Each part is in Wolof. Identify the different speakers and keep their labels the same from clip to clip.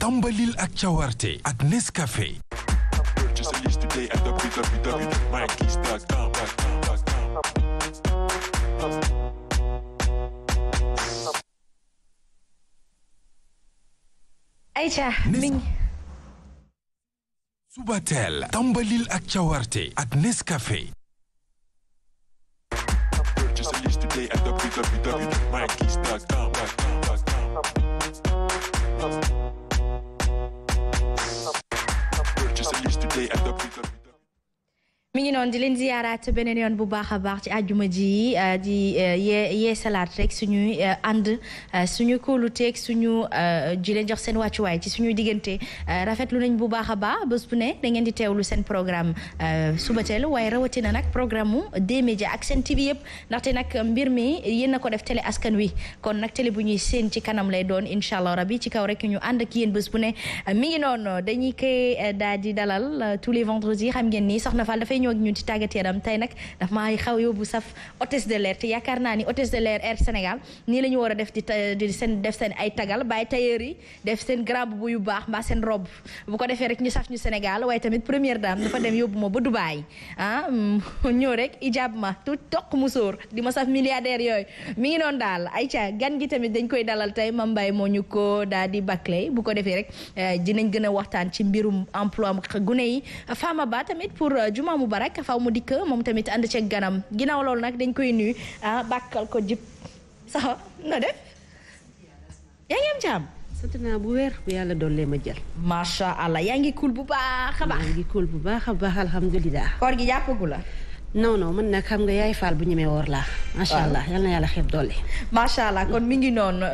Speaker 1: tàmbalil ak cawarte ak Nescafé
Speaker 2: ak cawarte ak Nescafé
Speaker 1: day end up with
Speaker 3: mi ngi noonu di leen ziyaaraat beneen yoon bu baax a baax ci àjjuma ji euh, di euh, yee yee salaat rek suñuy euh, ànd suñu kóoluteeg suñu ji leen jox seen wàccuwaay ci suñuy diggante rafetlu nañ bu baax a baax bas bu ne da ngeen di teewlu seen programme suba teelu waaye rawatina nag programme mu D-Media ak seen TV yëpp ndaxte nag mbir mi yéen a ko def télé askan wi kon nag télé bu ñuy seen ci kanam lay doon incha allah rabi ci kaw rek ñu ànd ak yéen bés bu ne mi ngi noonu dañuy koy daal di dalal tous les vendredis xam ngeen ni soxna ñëw ak ñun ci tàggat yaram tey nag daf maa xaw yóbbu saf hôtesse de l'air te yaakaar naa ni hôtesse de l'air Air Sénégal nii la ñu war a def di di seen def seen ay tagal bàyyi tailleur yi def seen grand boubou yu baax mbaa seen robe bu ko defee rek ñu saf ñu Sénégal waaye tamit première dame dafa dem yóbbu ma ba Dubaay ah ñëw rek ijab ma tout toq musóor di ma saf milliardaire yooyu mi ngi noonu daal ayca gan gi tamit dañ koy dalal tey ma Mbaye moo ñu ko daal di bâclé bu ko defee rek eh, dinañ gën a waxtaan ci mbirum emploi gune yi Fama Ba tamit pour eh, juma mu Moubarak faw mu dikk moom tamit ànd ceeg ganam ginnaaw loolu nag dañ koy nuyu ah bàkkal ko jib sax na def yaa ngi am jàmm. sant naa bu weer bu
Speaker 4: yàlla doon lee ma jël. macha allah yaa ngi kuul bu baax a baax. yaa ngi kuul bu baax a baax alhamdulilah. koor gi jàppagu la. non mën man nag xam nga yaay faal bu ñemee woor la macha allah yal na yàlla xeeb doole.
Speaker 3: macha allah kon mi ngi noonu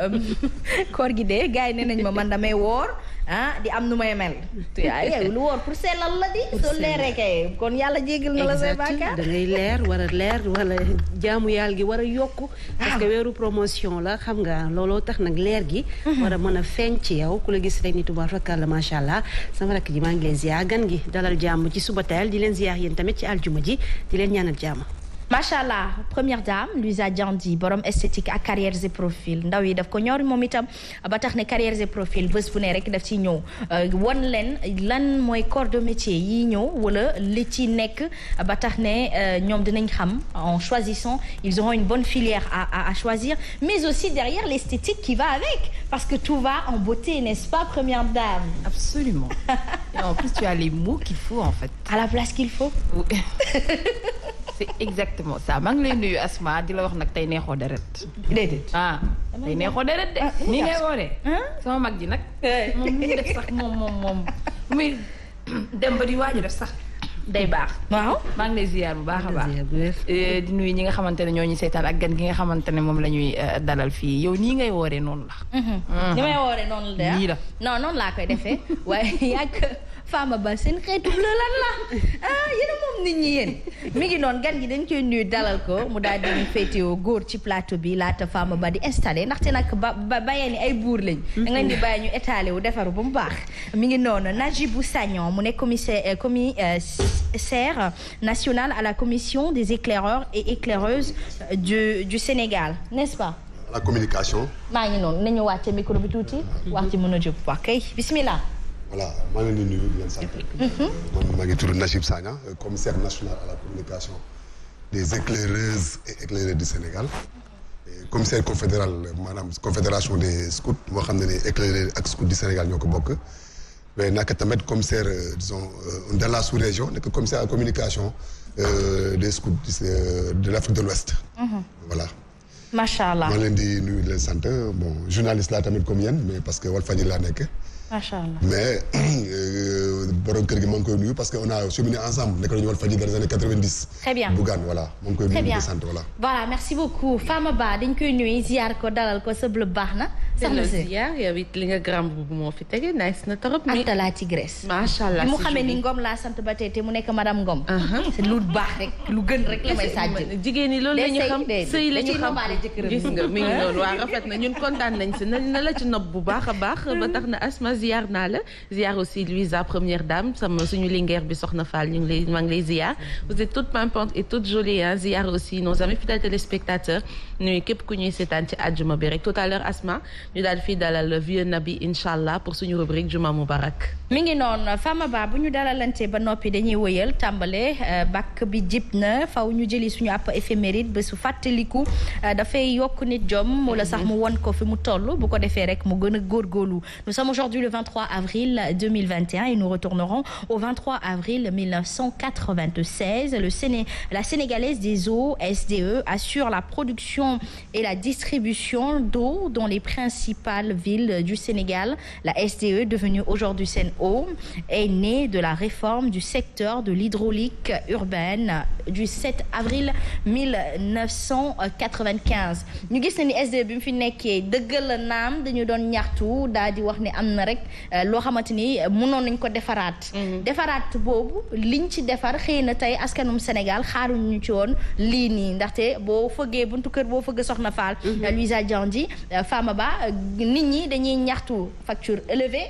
Speaker 3: koor gi de gars yi nee nañ ma man damay woor. ah di am nu may mel. yow lu woor pour sellal la di. soo leeree kay kon yàlla
Speaker 4: jéggal na la say bàkkaar. da ngay leer war a leer wala jaamu yàlla gi war a yokk ah. parce que weeru promotion la xam nga looloo tax nag leer gi. Mhm. war a mën a feeñ ci yow ku la gis rek ni tubaab fakkaar la macha allah sama rakk ji maa ngi leen ziar gan gi dalal jàmm ci suba teel di leen ziar yéen
Speaker 3: tamit ci aljuma ji di leen ñaanal jàmm. macha allah première dame Luisa Diandi borom esthétique ak carrières et profil ndaw yi daf ko ñor moom itam ba tax ne carrières et profil bés bu ne rek daf ci ñëw euh, won leen lan mooy corps de métier ñëw wala li ci nekk ba tax ne euh, ñoom dinañ xam en choisissant ils auront une bonne filière à à choisir mais aussi derrière l'esthétique qui va avec parce que tout va en beauté n'est-ce pas première dame. absolument et en plus qu'il faut à la place qu'il faut.
Speaker 5: c'est exactement ça maa ngi lay nuyu Asma di la wax nag tey neexoo deret. déedéet ah tey neexoo deret de. Ah, nii ngay wooree. sama mag ji nag. Eh. moom mu def sax dem ba di waaj def sax. day baax. waaw maa ngi lay ziar bu baax a baax eh, di nuyu ñi nga xamante ne ñoo ñu seetaan ak gan gi nga xamante ne moom la eh, dalal fii yow nii ngay wooree noonu la.
Speaker 3: Mhm. Mhm. ni may wooree noonu la ah? nii la noonu laa koy defee waaye yàgg. Fama Ba seen xeetu la lan la ah yéen moom nit ñi yéen mi ngi noonu gan gi dañ koy nuyu dalal ko mu daal di féetewoo góor ci plateau bi laata Fama Ba di installé ndaxte nag ba ba bayee ni ay buur lañ. da mm-hmm. nga di bàyyi ñu wu defaru ba mu baax. mi ngi noonu bu Sagnan mu nekk commissaire euh, commissaire euh, national à la commission des éclaireurs et éclaireuses du du Sénégal n'est-ce pas. maa ngi noonu nañu wàcce micro tuuti. Mm-hmm. wax ci mën a jóg wax kay bismillah.
Speaker 1: voilà maa nuyu di leen sant.
Speaker 3: Mhm.
Speaker 1: man maa ngi tudd Nachib Sagna commissaire national à la communication des éclaireuses et éclaireurs du Sénégal. commissaire confédéral maanaam confédération des scouts moo xam ne ne éclaireurs ak scouts du Sénégal ñoo ko bokk. mais naka tamit commissaire euh, disons euh, dans la sous-région nekk commissaire à la communication euh, des scouts de l'Afrique de l'Ouest. Mhm. voilà.
Speaker 3: macha allah maa
Speaker 1: di nuyu di leen sant bon journaliste laa tamit comme yéen mais parce que Walfadjri laa nekk. macha allah mais euh, borom kër gi maa koy nuyu parce que on a cheminé ensemble nekk nañu woon Walfadjri dans les années 90. très bien Bougane voilà koy nuyu sant
Speaker 3: voilà. merci beaucoup Fama Ba dañ koy nuyu ziar ko dalal ko sëb lu baax na. soxna si ziar yow it li nga grand bu moo fi tege
Speaker 6: nice na trop. mu
Speaker 3: nekk madame Ngom. lu baax rek lu gën rek la may sàjj. jigéen ñi loolu la ñu xam sëy la ñu a
Speaker 6: gis nga mi ngi waa rafet na ñun kontaan a hmm. ziar naa la ziar aussi Louisa première dame sama suñu lingeer bi soxna faal ñu ngi lay maa ngi lay ziar vous êtes toute pimpante et toute jolie hein ziar aussi nos amis nuyu képp ku ñuy seetaan ci àjjuma bi rek tout à l'heure Asma ñu daal fii dalal vieux nabi incha allah pour suñu rubrique juma mubarak
Speaker 3: mi ngi noonu Fama Ba bu ñu dalalante ba noppi dañuy wëyal tàmbale euh, bakk bi jib na faw ñu jëli suñu àpp éphéméride ba su fàttaliku euh, dafay yokk nit jom wala sax mu won ko fi mu toll bu ko defee rek mu gën a góorgóorlu nous sommes aujourd'hui le 23 avril 2021 et nous retournerons au 23 avril 1996 le Séné la sénégalaise des eaux SDE assure la production production et la distribution d'eau dans les principales villes du Sénégal. La SDE, devenue aujourd'hui Sen'Eau, est née de la réforme du secteur de l'hydraulique urbaine du 7 avril 1995. ñu gis ne ni SDE bi mu fi nekkee dëggal naam dañu doon ñaxtu daal di wax ni am na rek euh, loo xamante ni mënoon nañ ko defaraat. Mhm. defaraat boobu liñ ci defar xëy na tey askanum Sénégal xaaruñu ci woon lii nii ndaxte boo fëggee buntu kër boobu. boo fëgg soxna Fall. Mhm. Euh, Luisa Diandi euh, Fama Ba euh, nit ñi dañuy ñaxtu facture élevée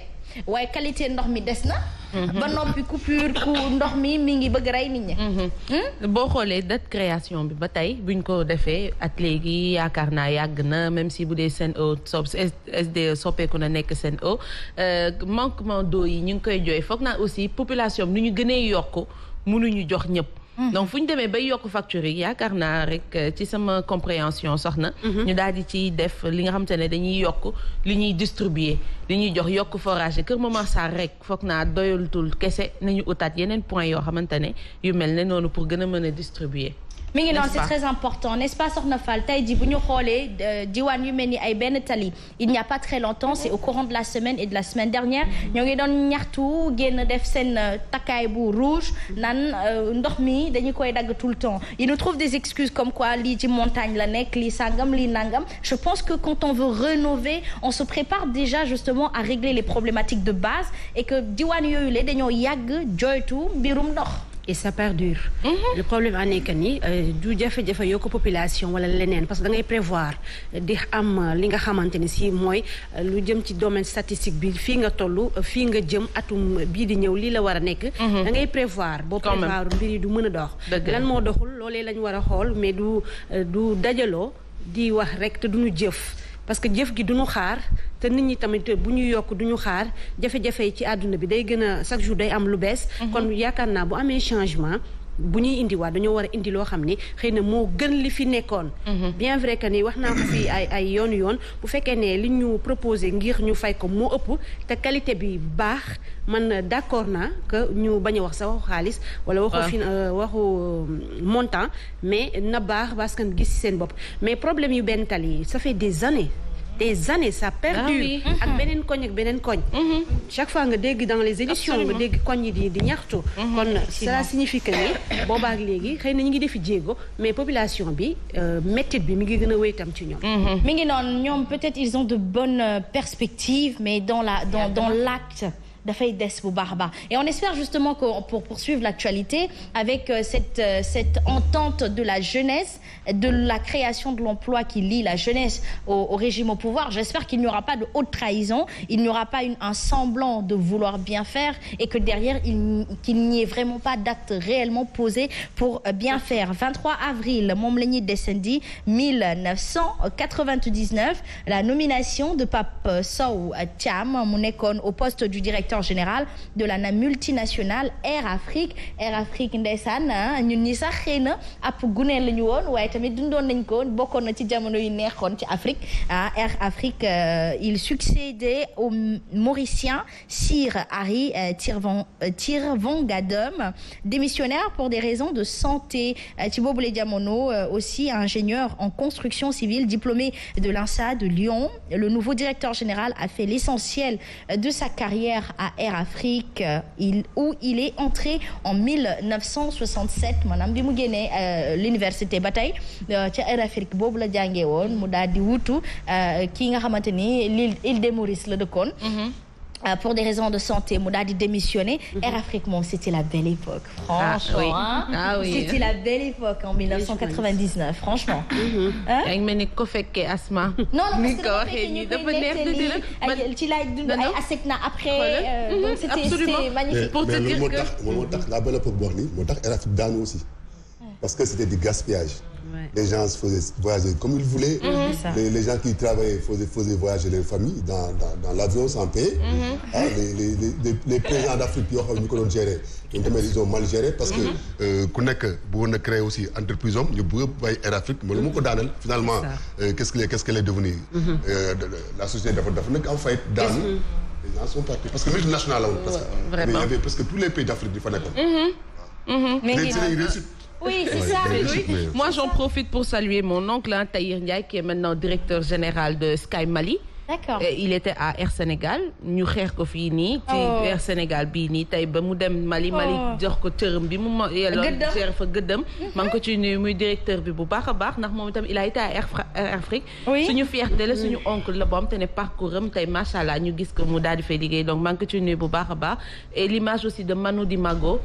Speaker 3: waaye qualité ndox mi des na. Mhm. ba noppi coupure ku ndox mi mi ngi bëgg rey nit ñi.
Speaker 6: Mhm. Hmm? boo xoolee date création bi ba tey buñ ko defee ak léegi yaakaar naa yàgg na même si bu dee SEN'EAU so SDE soppeeku na nekk seen SEN'EAU manquement d'eau yi ñu ngi koy jooy foog naa aussi population bi nu ñu gënee yokk mënuñu jox ñëpp. Mm-hmm. donc fu ñu demee bay yokk facture yi yaakaar naa rek euh, ci sama compréhension soxna. Mm-hmm. ñu daal di ciy def li nga xamante ne dañuy yokk li ñuy distribuer li ñuy jox yokk forage Kër Momar Sarr rek foog naa doyalutul kese nañu utaat yeneen point yoo xamante ne yu mel ne noonu pour gën a mën a distribuer. mi ngi noonu c'est très
Speaker 3: important n'est-ce pas Soxna Fall tey jii bu ñu xoolee euh, diwaan yu mel ni ay benn tali il n'y a pas très longtemps c'est au courant de la semaine et de la semaine dernière ñoo ngi doon ñaxtu génn def seen euh, takkaay bu rouge naan euh, ndox mi dañu koy dagg tout le temps ils nous trouvent des excuses comme quoi lii ci montagne la nekk lii sangam lii nangam je pense que quand on veut rénover on se prépare déjà justement à régler les problématiques de base et que diwaan yooyu la dañoo yàgg joytu mbirum ndox et ça perdure.
Speaker 4: Mm -hmm. le euh, du jafe-jafe yoo ko population wala leneen parce que da ngay prévoir di am li nga xamante ni si mooy euh, lu jëm ci domaine statistique bi fii nga toll euh, fii nga jëm atum bii di ñëw lii la war a nekk. Mhm. da ngay prévoir boo prévoir mbir yi du mën a dox. lan moo doxul loolee lañ war a xool mais du du dajaloo di wax rek te duñu jëf. parce que jëf gi duñu xaar te nit ñi tamit bu ñu yokk duñu xaar jafe-jafe yi ci àdduna bi day gën a chaque jour day am lu bees mhm. kon yaakaar naa bu amee changement bu ñuy indiwaat dañoo war a indi loo xam ni xëy na moo gën li fi nekkoon. Mhm. bien vrai que nii wax naa ko fii ay ay yoon yoon bu fekkee ne li ñu proposé ngir ñu fay ko moo ëpp te qualité bi baax man d'accord naa que ñu bañ a wax sa waxu xaalis. wala waxu ah. fi euh, waxu euh, montant mais na baax parce que gis ci seen bopp mais problème yu benn tali yi ça des années. des années ça ah perdure ak mm-hmm. beneen koñ ak beneen koñ mm-hmm. chaque fois nga dégg dans les éditions nga dégg koñ yi di di ñaxtu mm-hmm, kon cela signifie que ni boobaa ak léegi xëy na ñu ngi defi jéego mais population bi euh, méttit bi mi ngi gën a wéy tam ci ñoom
Speaker 3: mi ngi noonu ñoom peut-être ils ont de bonnes euh, perspectives mais dans la dans dans l'acte dafay des bu baax a baax et on espère justement que pour poursuivre l'actualité avec euh, cette cette entente de la jeunesse de la création de l'emploi qui lie la jeunesse au, au régime au pouvoir. J'espère qu'il n'y aura pas de haute trahison, il n'y aura pas une, un semblant de vouloir bien faire et que derrière, il, qu'il n'y ait vraiment pas d'acte réellement posé pour euh, bien faire. 23 avril, moom la ñuy descendi 1999, la nomination de euh, mu nekkoon au poste du général de la multinationale Air Afrique Air Afrique ndeysaan ah, ñun ñi sax xëy na ab gune la ñu woon waaye tamit dundoon nañ ko bokkoon na ci jamono yu neexoon ci Afrique ah Air Afrique euh, il succédait au Mauricien Sir Harry euh, euh, Tirvangadom démissionnaire pour des raisons de santé ci boobule jamono aussi ingénieur en construction civile diplômé de l'INSA de Lyon le nouveau directeur général a fait l'essentiel de sa carrière à Air Afrique il où il est entré en maanaam bi mu génnee l'université ba tey Euh, ca Air Afrique la jàngee woon mu daal di wutu euh, kii nga xamante ni l'île île de Maurice la dëkkoon mhm. Euh, pour des raisons de santé mu daal di démissionner. Mhm. Air Afrique la belle époque. Ah, franchement ah oui, ah oui. c'était la belle époque en 1999 franchement. Mhm. yaa la belle époque
Speaker 1: boo xam ni moo tax Air Afrique parce que c'était du gaspillage. Ouais. Les gens faisaient voyager comme mm-hmm. les, gens qui travaillaient faisaient, voyager les familles dans, l'avion sans
Speaker 2: mm-hmm.
Speaker 1: les, présidents d'Afrique yoo xam ne ñu ko doon gérer ñoom parce que mm-hmm. euh, ku créer a Afrique mais lu mu ko daaneel finalement euh, qu'est-ce qu'elle est devenue euh, la société dafa dafa nekk en faillite daanu les gens sont partis parce que multinationale la woon parce que mais il y tous les pays d'Afrique di
Speaker 6: oui c'est j'en profite pour saluer mon oncle hein, Tahir Ndiaye qui est maintenant directeur général de Sky Mali il était à Air Sénégal ñu xeex ko fii nii ci oh. Air Sénégal bii nii tey ba mu dem Mali Mali oh. jox ko tërëm bi mu ma yelloon cher mhm. maa ngi ko ci nuyu muy directeur bi bu baax a ndax moom itam il a été à Air Afrique suñu fierté la suñu mhm. oncle la boo am te ne parcours am tey macha allah ñu gis ko mu daal di fay liggéey donc maa ko ci nuyu bu baax a baax et l'image aussi de Manou Dimago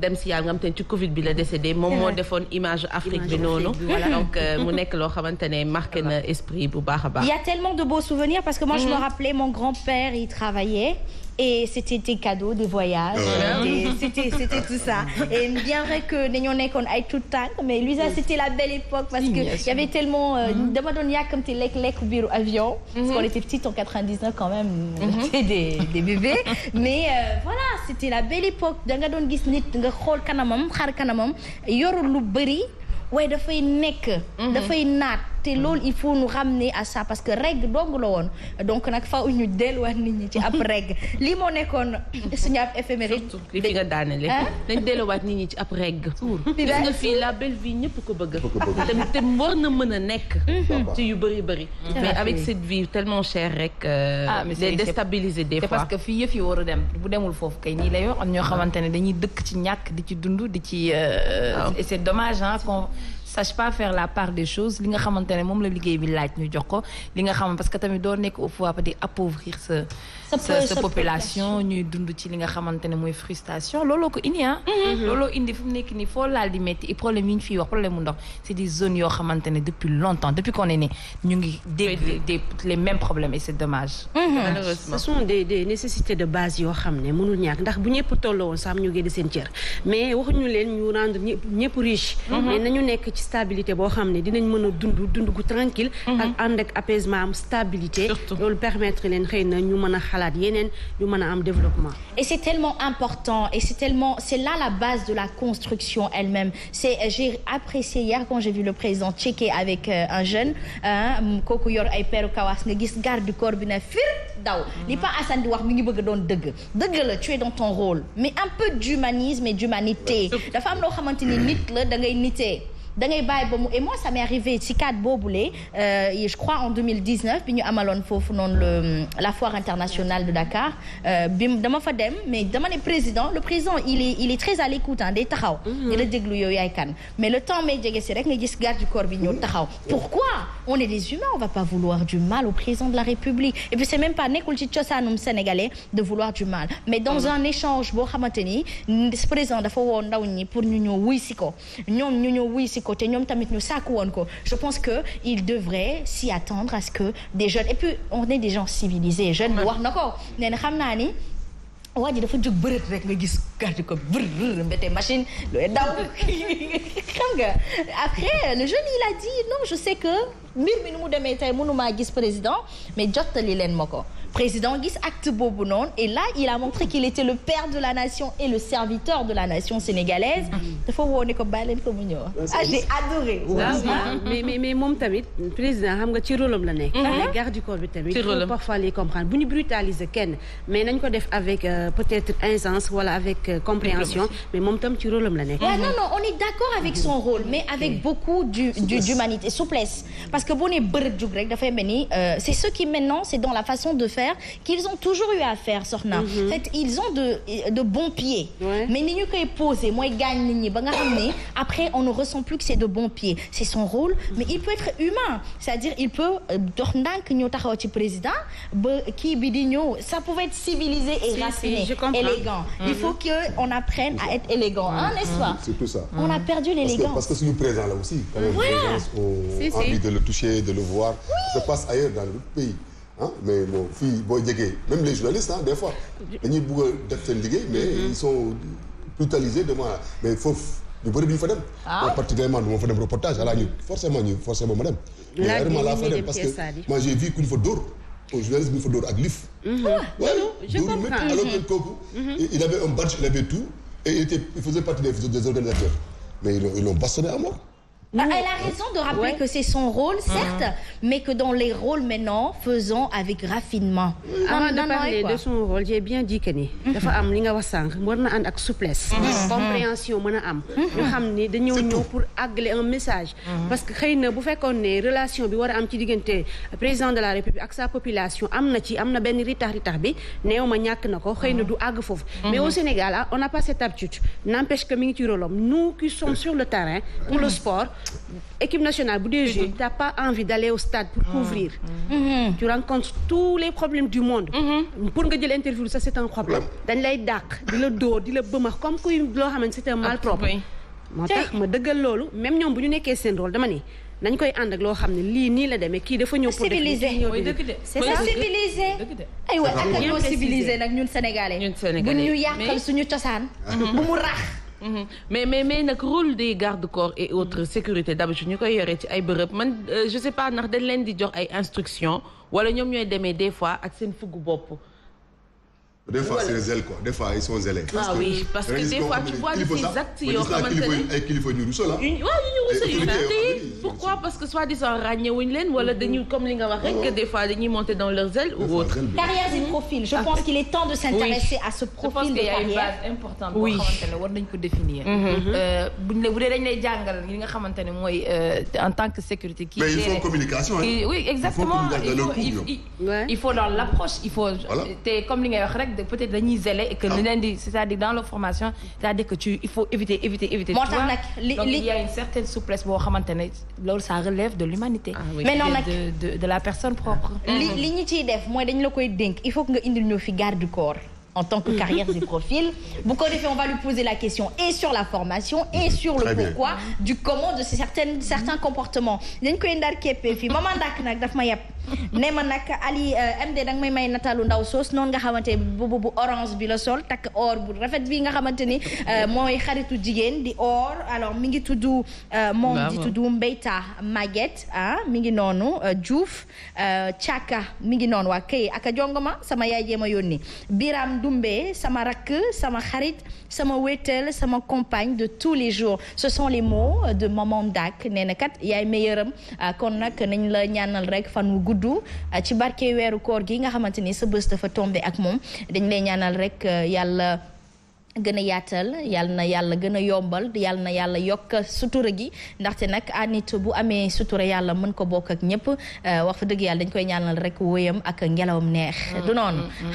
Speaker 6: dem si yàlla nga xam te ne ci Covid bi la décédé moom moo defoon image Afrique bi noonu donc euh, mu nekk loo xamante ne marqué na esprit bu baax a baax il y a
Speaker 3: tellement de beaux souvenirs parce que moi je me mm. rappelais mon grand-père il travaillait et c'était des cadeaux des voyages c'était tout ça et bien vrai que dañoo nekkoon ay tout tànk mais lui ça c'était la belle époque parce que il avait tellement dama doon yàkkamti lekk-lekk biiru avion mm-hmm. parce qu'on était petite en 99 quand même c'était mm-hmm. des bébés mais euh, voilà c'était la belle époque da nga doon gis nit nga xool kanamam xar kanamam yorul lu bëri waaye dafay nekk mm-hmm. dafay naat te loolu il faut nous ramener à ça parce que règle dong woon donc nag faaw ñu delluwaat nit ñi ci ab règle lii moo nekkoon suñu ab éphéméride. surtout
Speaker 6: li fi nga daanele. dañ delluwaat nit ñi ci ab règle. gis fii la belle vie ñëpp ko bëgg. te te war na mën a nekk. Mhm. ci yu bëri bëri.
Speaker 4: mais avec cette
Speaker 5: vie tellement chère rek. Euh, ah mais déstabiliser des fois. parce que fii yëf yi war a dem bu demul foofu kay nii la yoo am ñoo ah. xamante ne dañuy dëkk ci ñàkk di ci dund di ci. Euh, ah. c'est dommage sache pas faire la part des choses li nga xamante ne moom la liggéey bi laaj ñu jox ko li nga xam parce que tamit doo nekk au pouvoir di appauvrir sa sa population ñuy dund ci li nga xamante ne mooy frustration looloo ko indi ah mhm. Mhm. indi fu mu nekk nii foo laal di métti i problème yi ñu fiy wax problème mu ndox c'est des zones yoo xamante depuis longtemps depuis qu'on est né ñu ngi dégg des les mêmes problèmes et mhm. ce sont
Speaker 4: des des nécessités de base yoo xam ne mënul ñàkk ndax bu ñëpp tolloo woon sax ñu ngi di seen cër mais waxuñu leen ñu rendre ñëpp riche mais nañu nekk ci stabilité boo xam ne di mën a dund dund gu tranquille ak a xalaat xalaat yeneen ñu mën a am
Speaker 3: développement et c'est tellement important et c'est tellement c'est là la base de la construction elle-même c'est j'ai apprécié hier quand j'ai vu le président checker avec euh, un jeune kooku yor ay peru kawas nga gis garde du corps bi na fir daw mm-hmm. li pas Assane di wax mi ngi bëgg doon dëgg dëgg la tu es dans ton rôle mais un peu d'humanisme et d'humanité dafa am loo xamante ni nit la da ngay nitee da ngay bàyyi ba mu et moi ça m'est arrivé ci cadre boobule euh, je en 2019 bi ñu amaloon foofu noonu le la foire internationale de Dakar euh, dama fa dem mais dama ne président le président il est il est très à l'écoute day taxaw mhm. di la mais le temps may jege si rek gis garde du corps bi ñëw taxaw mhm. pourquoi on est des humains on va pas vouloir du mal au président de la République et c'est même pas nekkul ci cosaanum sénégalais de vouloir du mal mais dans mhm. un échange boo xamante ni président dafa woo ndaw ñi pour ñu ñëw wuy si ko ñoom ko te ñoom tamit ñu sàkk woon ko je pense que il devrait s'y attendre à ce que des jeunes et puis on est des gens civilisés jeunes bi wax na ko nee na xam naa ni waa ji dafa jóg bërët rek nga gis gardi ko brr mbete machine looy daw xam nga après le jeune il a dit non je sais que mbir mi nu mu demee tey mënumaa gis président mais jottali leen ma ko président gis acte boobu noonu et là il a montré qu'il était le père de la nation et le serviteur de la nation sénégalaise dafa woo ne ko bàyyi leen ko mu ñëw ah, ah j'ai adoré mais
Speaker 4: mais mais moom tamit président xam nga ci rôle am la nekk mais mm-hmm. garde du corps bi tamit parfois les comprendre bu ñu brutaliser kenn mais nañ ko def avec euh, peut-être instance wala avec euh, compréhension mais moom tam ci rôle am la nekk non non on est
Speaker 3: d'accord avec son rôle mais avec beaucoup du d'humanité souplesse parce que boo ne bërëb jug rek dafay mel ni euh, c'est ce qui maintenant c'est dans la façon de faire contraire qu'ils ont toujours eu à faire soxna mhm. fait ils ont de de bons pieds mais ni ñu koy poser mooy gaañ nit ñi ba nga xam ne après on ne ressent plus que c'est de bons pieds c'est son rôle mais il peut être humain c'est-à-dire il peut euh, dox ndànk ñëw taxaw ci président ba kii bi di ñëw ça pouvait être civilisé et raciné élégant il mhm. faut que on apprenne à être élégant mhm. n'est-ce pas
Speaker 1: c'est tout a le toucher de le voir ça passe ailleurs dans d'autres pays ah mais bon fii boo jegee même les journalistes ah des fois dañuy bugg a def seen liggéey mais mm-hmm. ils sont brutalisés devant mais foofu ñu bëri duñu fa dem ah. particulièrement du ma fa reportage alaa ñu forcément ñu forcé ba ma dem vraiment laa parce que moi j'ai vu ku ñu fa dóor au journaliste bu ñu fa dóor mm-hmm.
Speaker 2: ah, alors que
Speaker 1: mm-hmm. kooku il avait un badge il avait tout et il il faisait partie des organisateurs mais
Speaker 3: ils l'ont bastonné à mort Ah, elle a raison de rappeler que c'est son rôle, ah. certes, ah. mais que dans les rôles maintenant, faisons avec raffinement. avant ah, de parler de son rôle j'ai bien dit
Speaker 4: ni. Mhm. dafa am li nga wax sànq war na ànd ak souplesse. Mhm. compréhension mën a am. Mhm. ñu xam ni dañoo ñëw pour àggale un message. parce que xëy na bu fekkoon ne relation bi war a am ci diggante président de la république ak sa population am na ci am na benn ritax ritax bi néew ma ñàkk na ko xëy na du àgg foofu. mais au Sénégal on n'a pas cette habitude n'empêche que mi ngi ci rôle am sur le terrain pour sport. équipe nationale bu dee jouer t'as pas envie d'aller au stade pour couvrir mmh. tu tous les problèmes du monde mmh. pour nga jël interview ça c'est un problème dañ lay dàq di la dóor di la bëmax comme kuy loo xamante c'est un mal propre moo tax ma dëggal loolu même ñoom bu ñu nekkee seen rôle dama ne nañ koy ànd ak loo xam ne lii nii la demee kii dafa ñëw pour civilisé c'est ça
Speaker 3: civilisé aywa ak ñoo civilisé nag ñun sénégalais bu ñu yàqal suñu cosaan mm-hmm. Mhm. mais mais mais nag rôle des
Speaker 6: garde corps et autres mhm. sécurité d'habitude ñu koy yoree ci ay bërëb man euh, je sais pas ndax dañ leen di jox ay instructions wala ñoom ñooy demee des fois ak seen fugg bopp.
Speaker 1: des fois c'est zèle quoi des fois ils sont zélés. Ah parce que ah oui parce que des fois tu vois des actes yoo xamante ne ay kilifa yu ñu ruso la. yu
Speaker 6: waaw yu ñu ruso yu te pourquoi parce que soi-disant ràññewuñ leen wala mm-hmm. dañuy comme li nga wax rek que des fois dañuy monter dans leur zèle ou autre. carrière du mm-hmm. profil je pense ah. qu'il est temps de s'intéresser
Speaker 5: à ce profil de carrière. je pense qu'il y a une base importante boo xamante ne war nañ ko définir. Mm-hmm. Euh, buñ ne bu dee dañ lay jàngal li nga xamante ne mooy euh, en tant que sécurité. kii mais il faut communication oui exactement il faut il faut dans l'approche il faut te comme li nga wax rek nag peut-être dañuy zélé et que ah. li dans leur formation cest à certaine souplesse boo xamante ne loolu ça relève de l'humanité ah mais non nag de la personne propre. Ah. li
Speaker 3: def mooy dañu la koy dénk il faut que nga indil ñoo fi garde du corps. en tant que carrière ko defee la question et sur la formation et sur le pourquoi du comment de certains comportements dañ koy ndar képpee fii maman Ndak nag daf ma yeb ne ma nag Ali euh, MD danga may may nataalu ndaw soos noonu nga xamante bu bu orange bi la sol takk or bu rafet bi nga xamante ni euh, mooy xaritu jigéen di or alors mi ngi tudd euh, moom di tudd Mbeyta Maguette ah mi ngi noonu Diouf Thiaka mi ngi noonu waa kay ak a jongoma sama yaay jéema yónni Biram Doumbé sama rakk sama xarit sama wéetal sama compagne de tous les jours ce sont les mots de maman Dak nee na kat yaay meilleuram kon nag nañ la ñaanal rek fan wu gudd ah, ci barke weeru koor gi nga xamante ni sa bés dafa tombé ak moom dañ lay ñaanal rek ah, yàlla gën a yaatal yal na yàlla gën a yombal yàlla na yàlla yokk sutura gi ndaxte nag anit bu amee sutura yàlla mën ko bokk ak ñëpp ah, wax fa dëgg yàlla dañ koy ñànnal rek wóyam ak ngelawam neex mm, du noonu mm, mm.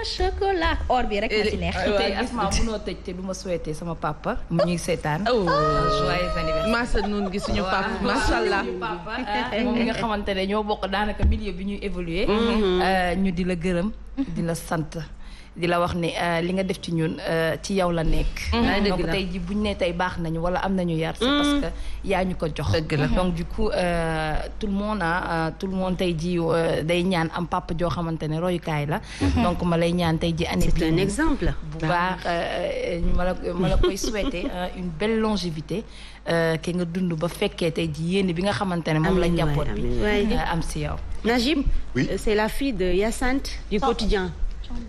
Speaker 3: sama chocolat or bi rek ma ci neex. tey asmaa munoo tëj te du ma
Speaker 5: souhaité sama papa mu ñuy e seetaan. joyeux anniversaire. maa sa nun gi macha allah. moom nga xamante ne ñoo bokk daanaka milieu bi ñuy évoluer mm-hmm. euh, ñu di la gërëm di la sant. di la wax ni euh, li nga def ci ñun euh, ci yow la nekk. Mm-hmm. Ah, tey ji buñ ne tey baax nañu wala am nañu yar. c'est parce mm-hmm. que yaa ñu ko jox. donc du coup euh, tout le monde ah tout le monde tey ji day ñaan am papa joo xamante ne royukaay la. Mm-hmm. donc ma lay ñaan tey ji année bi. c'est bu baax ma la ma la koy souhaiter une belle longévité. ki nga dund ba fekkee tey ji yéen bi nga
Speaker 4: xamante ne moom la jàppoon bi am si yow. Najib. c'est la fille de Yacinthe du quotidien.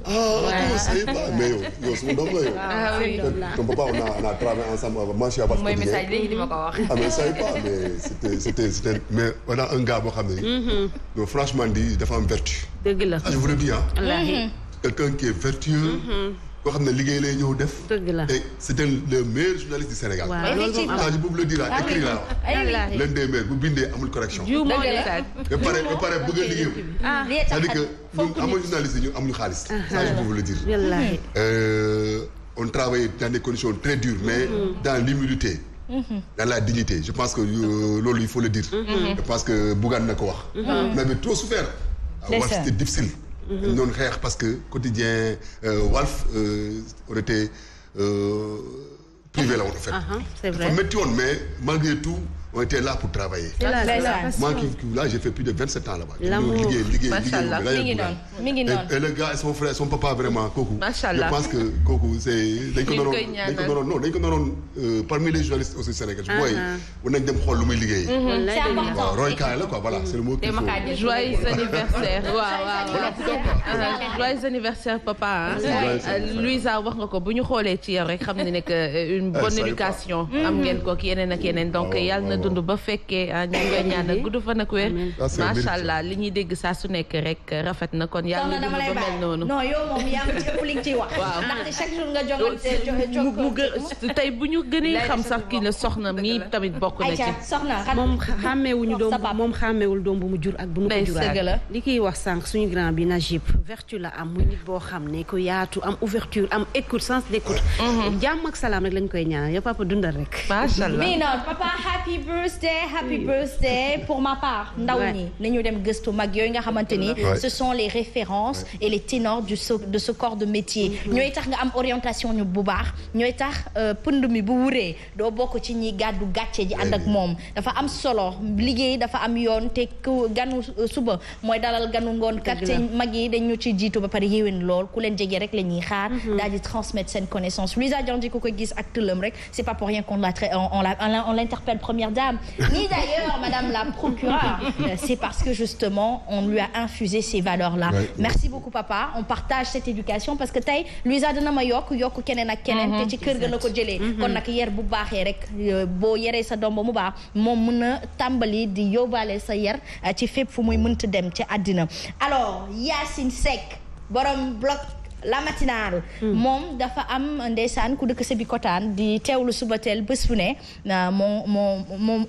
Speaker 4: ah, ah non ça y est mais yow yow suñu doom la yow. ah oui ton papa on a
Speaker 1: on a travaillé ensemble avant man chez Abass. mooy message
Speaker 4: léegi di ma ko wax. ah mais ça y est pas
Speaker 1: mais c'était c'était c'était mais on a un gars boo xam ne. Mm-hmm. donc franchement di dafa am vertu.
Speaker 4: dëgg la
Speaker 5: ah je
Speaker 1: vous le dis ah. wallaahi. quelqu'un qui est vertueux. Mm-hmm. koo xam ne liggéey lay ñëw def. dëgg la et c' est un le meilleur journaliste du Sénégal. waaw loolu moom le dira la
Speaker 3: wax.
Speaker 1: l'un bu bindee amul correction. jiw moo ba pare ba pare bëgg
Speaker 3: ah. ah. dire que am amuñu
Speaker 1: journaliste yi ñu amuñu xaalis. Ah. ça je peux le dire. Euh, mais mm-hmm. dans l'humilité mm-hmm. dans la dignité je pense que euh, loolu il faut le dire. Mm-hmm. je pense que Bougane na ko wax. on avait trop souffert. c' est ça difficile. Mm-hmm. dañ doon xeex parce que quotidien euh, Walf on euh, était euh, privé la woon en fait. Uh-huh, c'est woon mais malgré tout. on était là pour travailler. moi qui là j'ai fait plus de 27 ans là-bas. l'amour liggéey liggéey liggéey mi ngi son frère son papa vraiment kooku. macha je pense que kooku c' est. dañ ko naroon dañ ko naroon non dañ parmi les journalistes aussi Sénégal. mooy ah, ah. war nañ dem xool lu muy liggéey. Mhm. waaw roykaay la quoi voilà c' est le mot qu'il faut.
Speaker 6: joyeux anniversaire waaw waaw. Ah, joyeux anniversaire papa euh, Louisa wax nga ko bu ñu xoolee ci yow rek ne nekk euh, une eh, bonne éducation. am ngeen ko mm-hmm. dund ba fekkee ah, ñu ngi ñaanal gudd fa nag wér macha allah li ñuy dégg saa su nekk rek rafet na kon yàlla dund ba mel noonu non
Speaker 3: yow moom yaa
Speaker 6: tey bu ñu gënee xam sax kii la soxna mi tamit bokk na ci
Speaker 4: moom xàmmeewuñu doom moom xàmmeewul doom bu mu jur ak bu mu ko juraat li kiy wax sànq suñu grand bi Najib vertu la am muy nit boo xam ne ko yaatu am ouverture am écoute sens d'écoute mhm. jàmm ak salaam rek lañ koy ñaan yow papa dundal rek
Speaker 3: birthday happy birthday pour ma part ndaw ñi nañu dem gëstu mag yooyu nga xamante ni ce sont les références et les ténors du de ce corps de métier mhm. ñooy tax nga am orientation ñu bu baax ñooy tax euh, pënd mi bu wuree doo bokk ci ñi gàddu gàcce ji ànd ak moom dafa am solo liggéey dafa am yoon te ganu euh, suba mooy dalal ganu ngoon kat te mag yi dañu ci jiitu ba pare yéwén lool ku leen jege rek la ñuy xaar mhm. daal di transmettre seen connaissance Luisa Diandji ku ko gis ak tëlëm rek c'est pas pour rien qu'on la madame, ni d'ailleurs madame la procureure. C'est parce que justement on lui a infusé ces valeurs-là. merci beaucoup papa on partage cette éducation parce que tey Luisa dina ma yok yokk keneen ak keneen. Mhm. te ci kër ga la ko jëlee. Mhm. kon nag yer bu baaxee rek euh, boo yeree sa doom ba mu baax moom mën a tàmbali di yóbbaale sa yer euh, ci fépp fu muy mënta dem ci addina alors Yacine Seck borom bloc. la matinale. Mm. moom dafa am ndeysaan ku dëkk Sébikotane di teewlu suba teel bés bu ne moo moom moom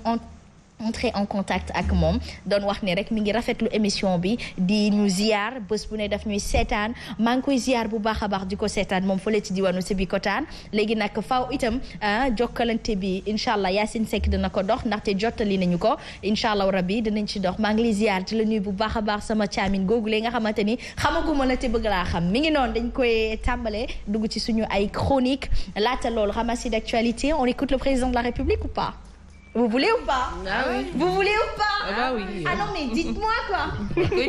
Speaker 3: entrer en contact ak moom doon wax ni rek mi ngi rafet lu émission bi di ñu ziar bés bu ne daf ñuy seetaan maa ngi koy ziar bu baax a baax di ko seetaan moom fële ci diwaanu Sébikotane léegi nag faaw itam ah, jokkalante bi incha allah Yacine Seck dina ko dox ndaxte jottali nañu ko incha allah rabi dinañ ci dox maa ngi lay ziar di la bu baax a baax sama caamin googu lee nga xamante ni xamaguma la te bëgg laa xam mi ngi noonu dañ koy tàmbalee dugg ci suñu ay chronique laata loolu ramassis d'actualité on écoute le président de la République ou Vous voulez ou pas ah oui. Vous voulez ou pas ah, oui, oui. ah non mais dites-moi quoi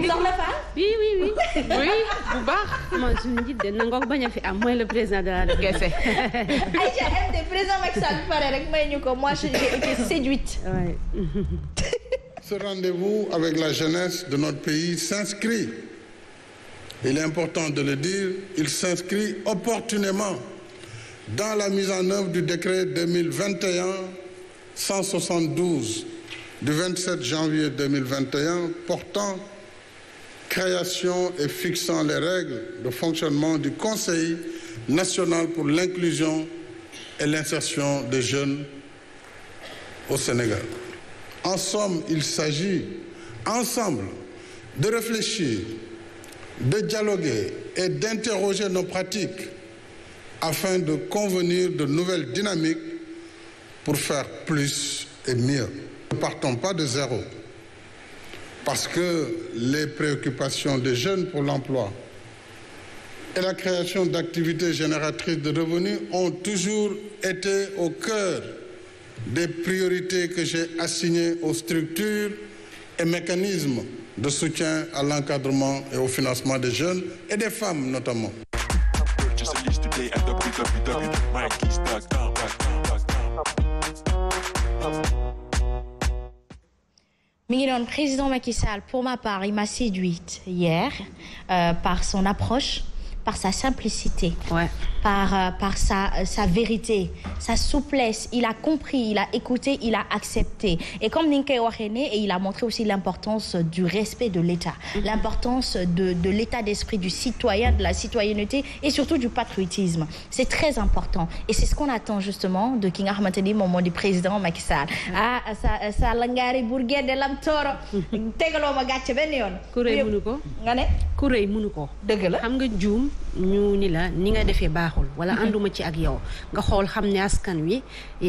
Speaker 3: Sors la phrase Oui oui oui oui
Speaker 4: bu baax man suñu njiit de a le président de la République
Speaker 3: Aïcha pare rek may ñu ko moi j'ai séduite
Speaker 2: Ce rendez-vous avec la jeunesse de notre pays s'inscrit il est important de le dire il s'inscrit opportunément dans la mise en œuvre du décret 172 du 27 janvier 2021 portant création et fixant les règles de fonctionnement du Conseil national pour l'inclusion et l'insertion des jeunes au Sénégal. En somme, il s'agit ensemble de réfléchir, de dialoguer et d'interroger nos pratiques afin de convenir de nouvelles dynamiques pour faire plus et mieux. Ne partons pas de zéro, parce que les préoccupations des jeunes pour l'emploi et la création d'activités génératrices de revenus ont toujours été au cœur des priorités que j'ai assignées aux structures et mécanismes de soutien à l'encadrement et au financement des jeunes et des femmes notamment.
Speaker 3: mi ngi doon président Macky Sall pour ma part il m'a séduite hier euh, par son approche par sa simplicité, euh, par, sa, euh, sa vérité, sa souplesse. Il a compris, il a écouté, il a accepté. Et comme Ninkei Warene, et il a montré aussi l'importance du respect de l'État, mm -hmm. l'importance de, de l'état d'esprit du citoyen, de la citoyenneté et surtout du patriotisme. C'est très important. Et c'est ce qu'on attend justement de King Ahmad Teni, moment du président Macky Sall. Mm -hmm. Ah, sa, sa langari bourguet de lam toro. Mm-hmm. tegaloo ma gàcce benn yoon. kuréel ko. nga kuréel mënu ko.
Speaker 4: dëgg la ñu ni la ni nga defee baaxul wala ànduma ci ak yow nga xool xam ne askan wi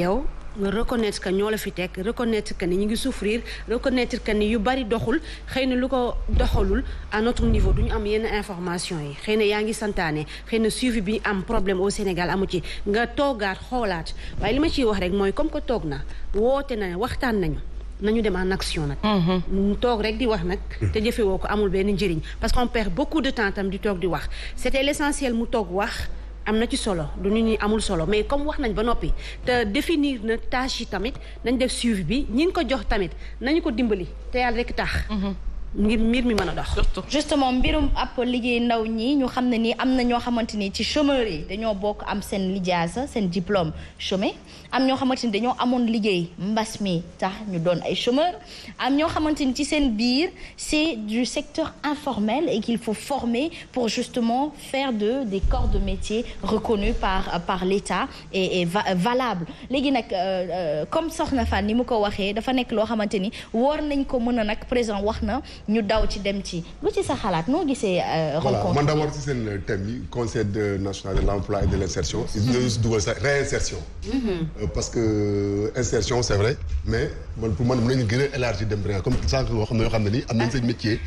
Speaker 4: yow nga reconnaître que ñoo la fi teg reconnaître que ni ñu ngi souffrir reconnaître que ni yu bari doxul xëy na lu ko doxalul à notre niveau du ñu am yenn information yi xëy na yaa ngi santaane xëy na suivi bi am problème au Sénégal amu ci nga toogaat xoolaat waaye li ma ciy wax rek mooy comme que toog na woote na waxtaan nañu nañu dem en action nag. Mhm. mu toog rek di wax nag. Mm. te jëfewoo ko amul benn njëriñ parce qu'on perd beaucoup de temps tam di toog di wax c'était l'essentiel mu toog wax. am na ci solo du ñu ni amul solo mais comme wax nañ ba noppi te définir na tâche yi tamit nañ def suivi bi ñi ko jox tamit nañu ko
Speaker 3: dimbali te yàlla rek tax. Mhm. ngir mbir mi mën a dox. justement mbirum ab liggéey ndaw ñi ñu xam ne nii am na ñoo xamante ni ci chômeurs yi dañoo bokk am seen lijaasa seen diplôme chômé am ñoo xamante ni dañoo amoon liggéey mbas mi tax ñu doon ay chômeurs am ñoo xamante ni ci seen biir c'est du secteur informel et qu'il faut former pour justement faire de des corps de métier reconnus par par l'État et valable léegi nag euh, euh, comme soxna Fane ni mu ko waxee dafa nekk loo xamante ni war nañ ko mën a nag président wax na. ñu daw ci dem ci lu ci sa xalaat noo gisee. Euh, rencontre voilà man d'abord ci
Speaker 1: seen euh, thème yi conseil national de l'emploi et de l'insertion. ñooñu si dugal réinsertion. Mhm. Euh, parce que insertion c'est vrai mais man pour man mën nañu gën a dem rek comme sànq yoo xam ne yoo xam ne ni am nañ seen métier.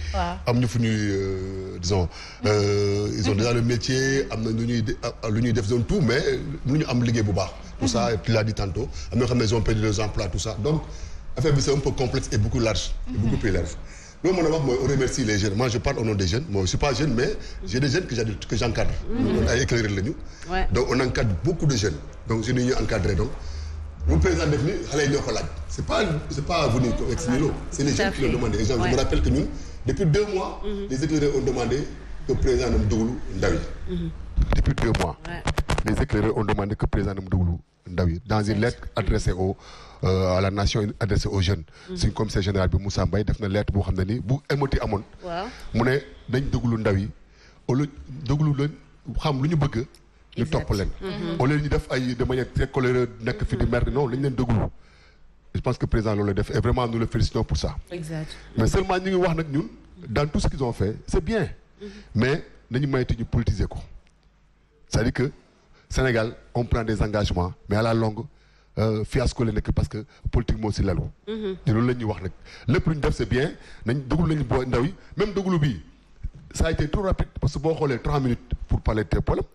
Speaker 1: am ñu fu ñuy disons. ils ont déjà le métier am na lu ñuy ah, lu ñuy def zone tout mais mu mënuñu am liggéey bu baax. tout ça mhm. tu l'as dit tantôt am na yoo xam ne ils ont perdu leurs emplois tout ça donc affaire bi loolu mën a wax mooy on remercie les jeunes moi je parle au nom des jeunes moi je suis pas jeune mais j'ai des jeunes que j'adulte que j'encadre on mhm. ay éclairé lañu donc on encadre beaucoup de jeunes donc jeunes yi ñu donc lu président def ni xale yi ñoo ko laaj c'est pas c'est pas venu ex c'est les jeunes qui l'ont demandé et je me que ñun depuis deux mois mhm. les éclairés ont demandé que président nam mhm. déglu ndaw yi dans une lettre adressée au euh, à la nation adressée aux jeunes. Mm. suñ commissaire général bi Moussa Mbaye def na lettre boo xam ne nii bu émeute amoon. mu ne dañ déglu ndaw yi au lieu déglu leen xam lu ñu bëgg. ñu topp leen. Mm-hmm. au lieu ñu def ay de manière très nekk fi di mer non lañ leen déglu. je pense que président loolu def et vraiment nous le félicitons pour ça. mais seulement ñu ngi wax nag ñun. dans tout ce qu'ils ont fait c'est bien. Mm-hmm. mais nañu maytu ñu politiser ko Sénégal on prend des engagements mais à la longue euh, fiasco la nekk parce que politique moo si lalu. Mhm. te loolu la ñuy wax nag lépp lu ñu def c'est bien nañ déglu nañu boo ndaw yi même déglu bii ça été trop rapide parce que boo xoole 30 minutes pour parler de problème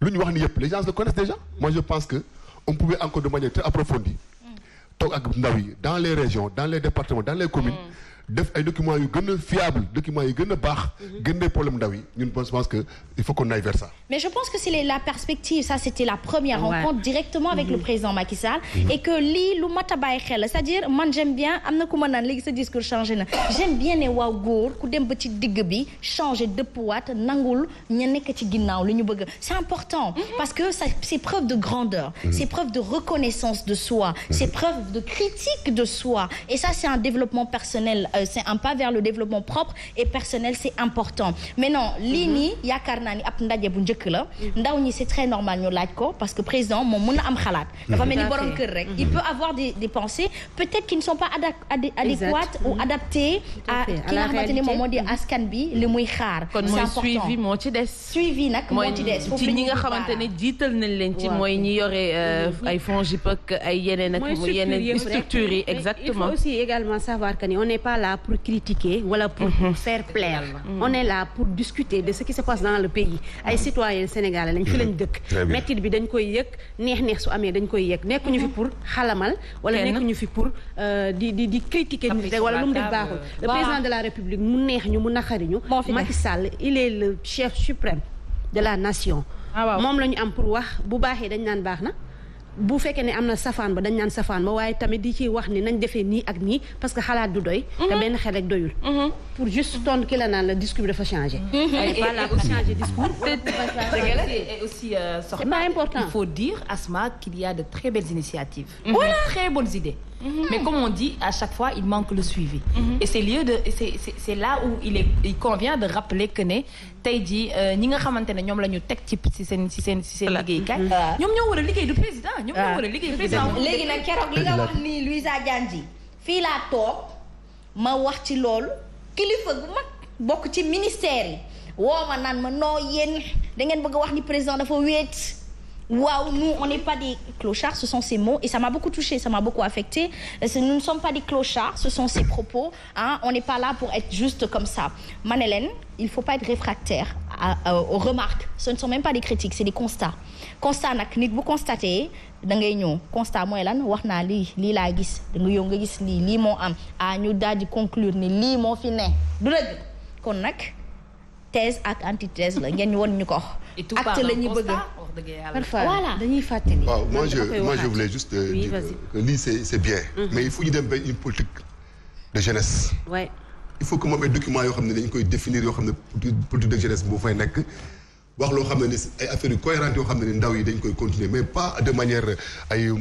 Speaker 1: lu ñu wax ni yëpp les gens le connaissent déjà. moi je pense que on pouvait encore de manière très approfondie. Mm. toog ak ndaw yi dans les régions dans les départements dans les communes. Mm. def ay documents yu gën a fiable documents yu gën a baax. Mhm. génne problème ndaw yi ñun je pense que il faut qu'on aille vers ça.
Speaker 3: mais je pense que c'est la perspective ça c'était la première. Ouais. rencontre directement avec mm -hmm. le mhm. président Macky Sall. Mm -hmm. et que lii lu mat a bàyyi xel la c'est-à-dire man j'aime bien am na ku ma naan léegi sa discours changé na j'aime bien ne waaw góor ku dem ba ci digg bi changé dëppwaat nangul ña nekk ci ginnaaw li ñu bëgg c'est important. Mhm. parce que ça c'est preuve de grandeur. c'est preuve de reconnaissance de soi. c'est preuve de critique de soi et ça c'est un développement personnel. Euh, c'est un pas vers le développement propre et personnel c'est important mais non lii mhm. nii yaakaar naa ni ab bu njëkk la mhm. ndaw ñi c'est très normal ñu laaj ko parce que président moom mën na am xalaat mhm. dafa mel ni borom kër rek il peut avoir des des pensées peut-être qui ne sont pas adéquates ou adaptées à ki nga xamante ni moom moo di askan bi li muy xaar kon mooy suivi moo ci moo ci des ci ñi nga xamante
Speaker 6: ne jiital nañ leen ci mooy ñi yore euh, ay fonds JIPAC ay yeneen ak yeneen structures yi exactement il faut
Speaker 4: aussi également savoir là pour critiquer wala pour mhm. faire plaire on mm. est là pour discuter de ce qui se passe dans le pays ay mm. citoyens sénégalais lañ fi lañ mm. dëkk mettit bi dañ koy yëg neex neex su amee dañ koy yëg mm-hmm. nekkuñu fi pour xalamal wala nekkuñu fi pour euh, di di critiquer nit rek wala lu mu def baaxul le président de la république mu neex ñu mu naqari ñu Macky Sall il est le chef suprême de la nation ah, moom la ñu am pour wax bu baaxee dañ naan baax na bu fekkee ne am na safaan ba dañ naan safaan ba waaye tamit di ci wax ni nañ defee nii ak nii parce que xalaat du doy. te mhm. benn xel rek doyul. Mhm. pour juste tontu ki la naan la discours bi dafa changé. voilà mhm. pour
Speaker 5: changer discours. Euh, soxna. pas important il faut
Speaker 4: dire Asma qu'il y
Speaker 5: a de très belles initiatives. Mm-hmm. Mais comme on dit, à chaque fois, il manque le suivi. Mm-hmm. Et c'est lieu de c'est là où il est il convient de rappeler que ne tey jii euh, ñi nga xamante ne ñoom la ñu teg ci si seen si seen si seen liggéeykat mm-hmm. ah. ñoom
Speaker 3: ñoo war a liggéey du président ñoom ñoo ah. war a liggéey président léegi nag keroog li nga wax nii Louisa Diandji fii laa toog ma wax ci loolu kilifa gu mag bokk ci ministère yi woo ma naan ma noo yéen da ngeen bëgg a wax ni président dafa wéet waaw nous, on n'est pas des clochards, ce sont ces mots. Et ça m'a beaucoup touché, ça m'a beaucoup affecté. Euh, nous ne sommes pas des clochards, ce sont ces propos. On n'est pas là pour être juste comme ça. Manélène, il faut pas être réfractaire à, à, aux remarques. Ce ne sont même pas des critiques, c'est des constats. Constat nag nit bu constaté da ngay ñëw constat mooy lan wax naa lii lii laa gis da nga yow nga gis lii lii moo am ñu daal di conclure ni lii moo fi ne du dëgg kon nag thèse ak antithèse la ngeen ñu woon ñu ko dëgg yàlla. voilà dañuy fàttali. waaw
Speaker 1: mais il faut ñu dem ba une politique de jeunesse. il faut que moom ay yoo xam ne dañ koy définir yoo xam ne politique de jeunesse boo fay nekk. wax loo xam ne ni ay affaires yu cohérentes yoo xam ne ni ndaw yi dañ koy continuer mais pas de manière euh, ay. Euh,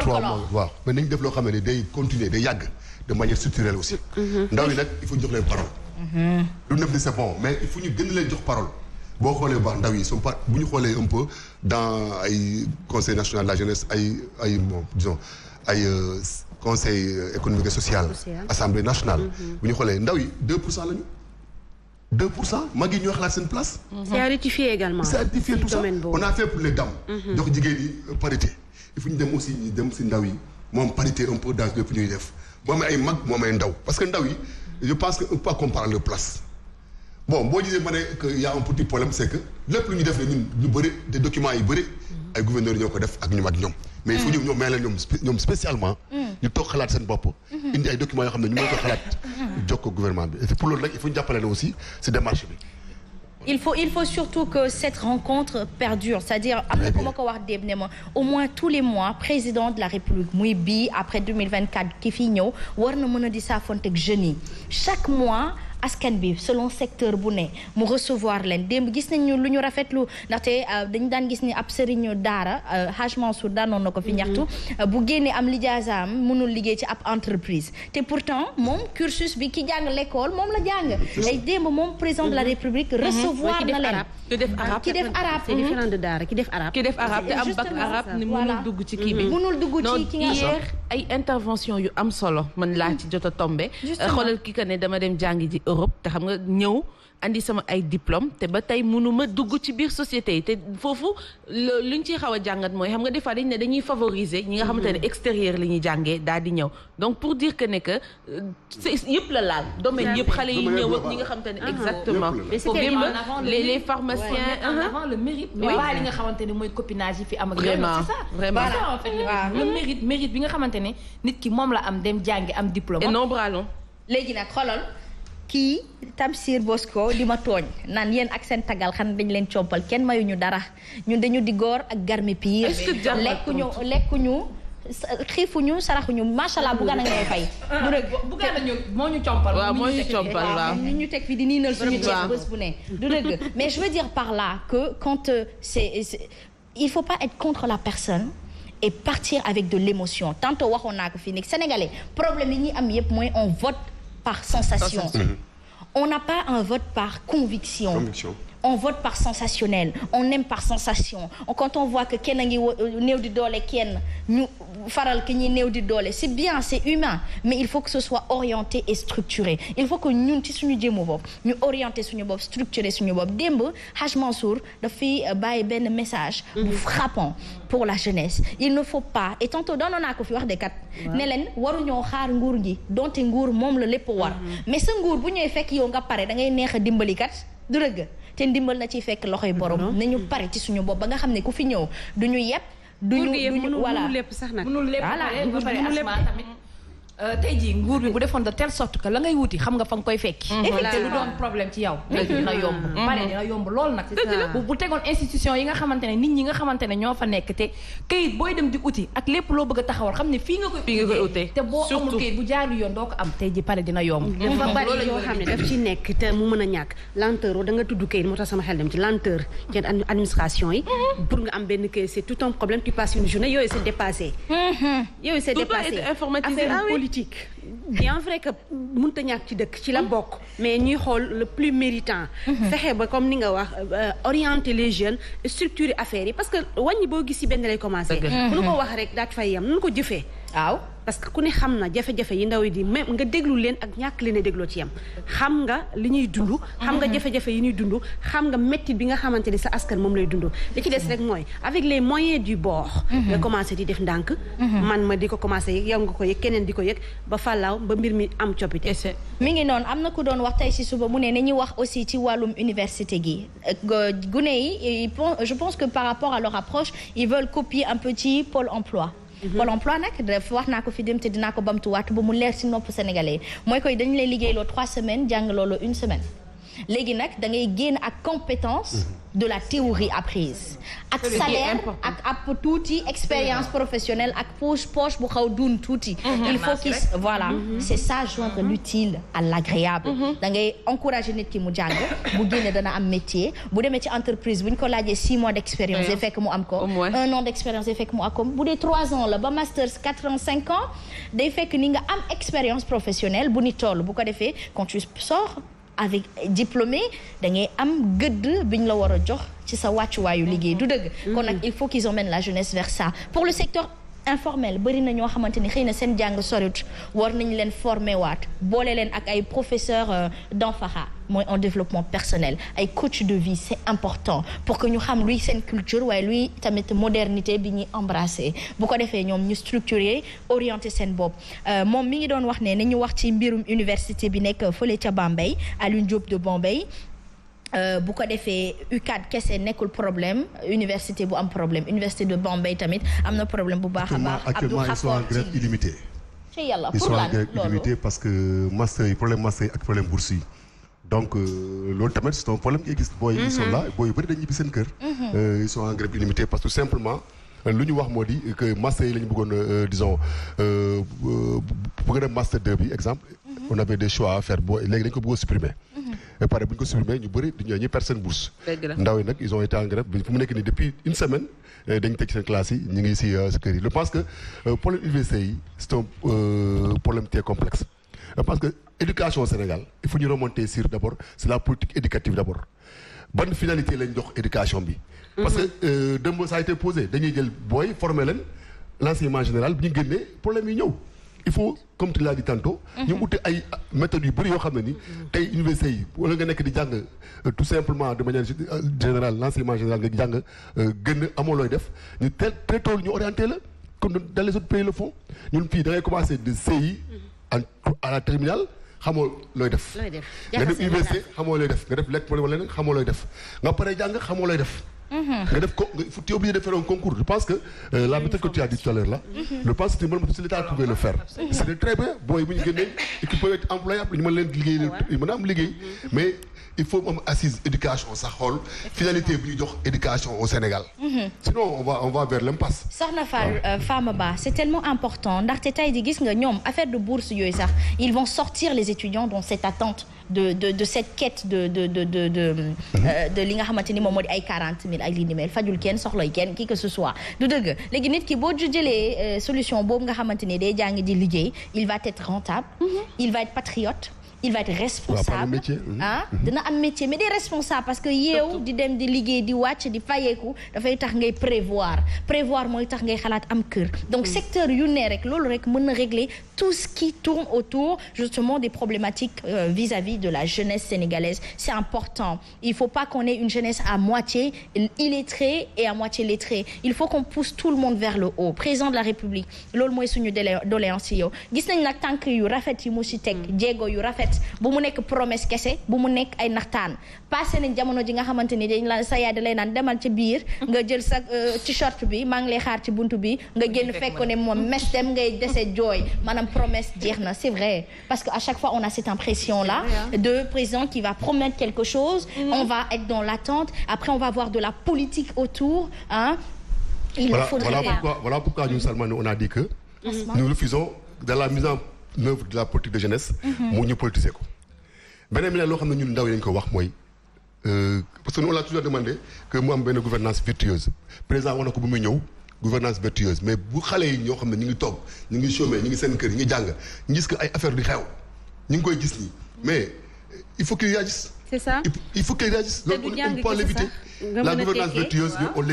Speaker 1: trois mois waaw mais nañ def loo xam ne day continuer day yàgg de manière structurelle aussi. Mhm. ndaw yi nag il faut jox leen parole. Mhm. lu nekk di c'est bon mais il faut ñu gën boo xoolee baax ndaw yi sont par bu ñu xoolee un peu dans ay conseil la jeunesse ay ay moom disons ay euh, conseil économique et social assemblée nationale mm-hmm. bu ñu xoolee ndaw yi deux pour cent la ñu deux pour cent mag yi ñoo xalaat seen place mm-hmm. c'est à
Speaker 4: rectifier également c'est à tout ça
Speaker 1: on a fait pour les dames mm-hmm. jox jigéen euh, parité il faut ñu dem aussi ñu dem si ndaw yi moom parité un peu dans lépp ñuy def moom ay mag moom ay ndaw parce que ndaw yi je pense que on peut pas comparer leur place bon boo gisee ma ne que y' a un petit problème c' que lépp lu ñu def ne ñun ñu bëri des documents yu bëri. ay gouverneurs ñoo ko def ak ñu mag ñoom. mais il faut ñu ñoom may la ñoom ñoom spécialement. toog xalaat seen bopp. indi ay documents yoo xam ne ñu mën xalaat. jokkoo gouvernement bi et pour loolu il faut ñu jàppale la aussi si démarche bi.
Speaker 3: il faut il faut surtout que cette rencontre perdure c'est-à-dire après ku ma ko wax déeb ne ma au moins tous les mois président de la république bii après 2024 ki fii ñëw war na mën a di saafonteeg jeunes yi chaque mois. askan bi selon secteur bu ne mu recevoir leen démb gis nañu lu ñu rafetlu ndaxte euh, dañ daan gis ni ab sëriñu daara euh, Haj Mansour daanoon na ko fi mhm. ñaxtu euh, bu génnee am lijaasam mënul liggéey ci ab entreprise te pourtant moom cursus bi ki jàng l'école moom la jàng ay démb moom président de la mhm. république mhm. recevoir na leen
Speaker 4: ki def arabe ki def arabe c'est différent de daara ki def arabe ki def arabe te am bac arabe ni mënul dugg
Speaker 6: ci kii bi mënul dugg ci ki nga hier ay intervention yu am solo man laa ci jot tombe tombé xoolal ki que ne dama dem jàngi ji Europe te xam nga ñëw indi sama ay diplôme te ba tey mënuma dugg ci biir société yi te foofu ñu ciy xaw a jàngat mooy xam nga des fois dañ ne dañuy favoriser ñi nga mm-hmm. xamante ne extérieur li ñuy jàngee daal di ñëw donc pour dire que ne que euh,
Speaker 5: yëpp la laal domaine yëpp xale yi ñi nga
Speaker 6: xamante ne exactement démb les les pharmaciens uh-huh. avant
Speaker 5: le mérite mais pas li nga xamante ne mooy copinage yi fi am ak vraiment vraiment ça en mérite mérite bi nga xamante ne nit ki moom la am dem jàngi am diplôme et non bralon
Speaker 3: léegi nag xoolal kii Tamsir Bosco di ma tooñ naan yéen ak seen tagal xan dañ leen compal kenn mayuñu dara ñun dañu di góor ak garmi piir lekkuñu lekkuñu xiifuñu saraxuñu macha allah bugga na ngay fay. Ah,
Speaker 5: bu rëgg bugga nañu moo ñu compal. waaw moo ñu compal waaw ñu ñu
Speaker 3: teg fi di niinal suñu ceeb bés bu ne. du dëgg mais je veux dire par là que quand euh, c'est il faut pas être contre la personne. et partir avec de l'émotion tantôt waxoon naa ko fii nekk sénégalais problème yi ñuy am yëpp mooy on vote. par sensation. sensation. Mm -hmm. On n'a pas un vote par conviction. conviction. on vote par sensationnel on aime par sensation quand on voit que kenn a ngi néew di doole kenn ñu faral ki ñuy néew di doole c'est bien c'est humain mais il faut que ce soit orienté et structuré il faut que ñun ci suñu jëmu bopp ñu orienté suñu bopp structuré suñu bopp démb Haj Mansour fi euh, bàyyi benn message bu mhm. frappant pour la jeunesse il ne faut pas et tantôt doonoon naa ko fi wax de kat ne leen waruñoo xaar nguur gi donte nguur moom la lépp war mhm. mais sa nguur bu ñëwee fekk yow nga pare da ngay neex a dimbali kat du dëgg te ndimbal na ciy fekk loxoy mm-hmm. borom nañu pare ci suñu bopp ba nga xam ne ku fi ñëw duñu yeb duñu ñu voilà mënul
Speaker 5: lépp sax nag mënul lépp ba pare asma tamit
Speaker 3: Euh, tey jii nguur bi bu defoon de telle
Speaker 5: sorte que la ngay wuti xam nga fa nga koy fekki mhm. te lu doon problème ci yow tey dina yomb mhm. pare dina yomb lool nag bu tegoon institution yi nga xamante ne nit ñi nga xamante ne ñoo fa nekk te kayit booy dem di uti ak lépp loo bëgg a xam ne fii nga koy te boo amul kayit yoon doo ko am tey ji pare
Speaker 3: dina yomb dafa bari xam ne daf
Speaker 4: nekk te mu mën a ñàkk lenteur o da nga tudd kayit moo tax sama xel dem ci lenteur ci administration yi mhm. pour nga am benn kayit c'est tout un problème tu passes une journée yooyu c'est dépassé yooyu c'est dépassé politique bien vrai que mënta ñàkk ci dëkk ci la oh. bokk mais ñuy xool le plus méritant mm-hmm. fexe ba comme ni nga wax euh, orienter les jeunes structurer affaires yi parce que wàññi boo gis si benn lay commencé bu nu ko mm-hmm. wax rek daat fay yam nunu ko jëfee waaw parce que ku ne xam na jafe-jafe yi ndaw yi di même nga déglu leen ak ñàkk leen a dégloo ci yam xam nga li ñuy dund xam nga mm-hmm. jafe-jafe yi ñuy dund xam nga métti bi nga xamante ni sa askan moom lay dund li ci des mm-hmm. rek mooy avec les moyens du bord mm-hmm. nga commencé di def ndànk man ma di ko commencé yëg yow nga ko yëg keneen di ko yëg ba fàllaaw ba mbir mi am coppite
Speaker 3: mi ngi noonu am na ku doon wax tey si suba mu ne nañuy wax aussi ci wàllum université gi gune yi je pense que par rapport à leur approche ils veulent copier un peu ci pôle emploi Pôle emploi nag def wax naa ko fi dem te dinaa ko bamtuwaat ba mu leer ci nopp sénégalais yi mooy koy dañu lay liggéeyloo trois semaines jàng loolu une semaine léegi nag da ngay génn ak compétence mhm. de la théorie apprise ak salaire ak ab tuuti expérience professionnelle ak poche poche bu xaw dun tuuti mhm. il faut qu'il voilà mhm. c'est ça joindre l'utile à l'agréable da ngay encourager nit ki mu jàng bu génne dana am métier bu demee ci entreprise bu ñu ko laajee six mois d'expérience day fekk mu am ko un an d'expérience day fekk mu am bu dee trois ans la ba masters quatre ans cinq ans day fekk ni nga am expérience professionnelle bu ni toll bu ko defee quand tu sors avec diplômé da ngay am gëdd bi ñu la war a jox ci sa wàccuwaayu liggéey du dëgg mm-hmm. kon nag il faut qu'ils emmènent la jeunesse vers ça pour le secteur informel bëri na ñoo xamante ni xëy na seen jàng sorut war nañu leen former waat boole leen ak ay professeurs euh, d'enfara mooy en développement personnel ay coach de vie c'est important pour que ñu xam luy seen culture waaye luy tamit modernité bi ñuy embrasser bu ko defee ñoom ñu structurer orienter seen bopp euh, moom mi ngi doon wax ne ni nañu wax ci mbirum université bi nekk fële ca Bambey Alioune Diop de Bambey Euh, bu ko defee UCAD kese nekkul problème université bu am problème université de Bombay tamit am na problème bu baax a baax. actuellement ils sont en grève illimitée. ci yàlla pour
Speaker 1: parce que master yi problème master yi ak problème bourse yi. donc euh, loolu tamit c'est un problème qui existe. booy yi ils sont là booy yu bëri dañuy ñibbi seen kër. Mhm. Euh, ils sont en parce que tout simplement. lu ñu wax moo di que master yi la ñu bëggoon disons bëgg na master 2 bi exemple. Mhm. on avait des choix à faire boo léegi dañu ko bëgg a supprimer. et pare bu ñu ko supprimé ñu bëri ñoo ñuy perte seen bourse ndaw yi nag ils ont été en grève fu mu nekk nii depuis une semaine eh, dañu teg seen classe yi ñu ngi si euh, kër yi je pense que euh, problème université yi c'est un euh, problème très complexe parce que éducation au Sénégal fu ñu remonter sur d'abord c'est la politique éducative d'abord ban finalité lañ jox éducation bi parce que mhm. démb ça a été posé dañuy jël booy former leen l'enseignement général bi ñu génnee problème yi ñëw il faut comme tu l'as dit tantôt. ñu mhm. uti ay méthodes yu bëri yoo xam ne ni. tey université yi wala nga nekk di jàng euh, tout simplement de manière euh, générale l'enseignement général nga jàng euh, gën a amoo looy def ñu teel très tôt ñu orienté la comme dans les autres pays la font ñun fii da ngay commencé de CI. a à la xamoo looy def. looy
Speaker 3: def nga dem université
Speaker 1: xamoo looy def nga def lekk wala leneen xamoo looy def nga pare jàng xamoo looy def. Mm-hmm. nga def ko tu es obligé de faire concours je pense que euh, la méthode que tu as dit tout à l'heure là mm-hmm. je pense que mën si l'état pouvait le faire c'était très bien booy bu ñu génnee équipe peut être employable ñu mën leen liggéey ah mën a am liggéey mm-hmm. il faut mu am assise éducation sax xool finalité bi ñu jox éducation au Sénégal. Mhm. sinon on va on va vers l'impasse.
Speaker 3: soxna Fall euh, Fama Ba c'est tellement important ndaxte tey di gis nga ñoom affaire de bourse yooyu sax ils vont sortir les étudiants dans cette attente de de de cette quête de de de de de euh, mhm. li nga xamante ni moom moo di ay quarante mille ay li ni mel fajul kenn soxlay kenn qui que ce soit du dëgg léegi nit ki boo jëlee euh, solution boobu nga xamante ni day jàng di liggéey il va être rentable. Mhm. il va être patriote. il va être responsable mmh. ah mmh. dina am métier mais parce que yeew di dem di liggéey di wàcc di fayeeku dafay tax ngay prévoir prévoir mooy tax ngay xalaat am kër donc mmh. secteur yu ne rek loolu rek mën na régler tout ce qui tourne autour justement des problématiques euh, vis-à-vis de la jeunesse sénégalaise c'est important il faut pas qu'on ait une jeunesse à moitié illettrée et à moitié lettrée il faut qu'on pousse tout le monde vers le haut président de la république loolu mooy suñu doléance yow gis nañ nag tànk yu rafet yi mu ci teg jéego yu rafet bu mu nekk promesse kese bu mu nekk ay naxtaan passé nañ jamono ji nga xamante ni dañ la sa yaay da lay naan demal ci biir nga jël sa euh, t-shirt bi maa ngi lay xaar ci buntu bi nga génn fekk ne moom mes dem ngay dese jooy maanaam promesse jeex na c'est vrai parce que à chaque fois on a cette impression là de président qui va promettre quelque chose mm-hmm. on va être dans l'attente après on va avoir de la politique autour hein il voilà, faut voilà pourquoi
Speaker 1: voilà pourquoi nous Salman la mise l'œuvre de la politique de jeunesse. mu mhm. ñu politiser ko. beneen bi nag loo xam ne ñun ndaw yi dañu ko wax mooy euh, parce que nous on l'a toujours demandé que mu am benn gouvernance vertueuse président wax na ko bu muy ñëw gouvernance vertueuse mais bu xale yi ñoo xam ne ñu ngi toog ñu ngi soome ñu ngi seen kër ñu ngi jàng ngi gis que ay affaire di xew ñu ngi koy gis nii mais il faut qu'il réagisse. c'est ça il faut qu'il réagisse. te du jàng
Speaker 4: loolu on peut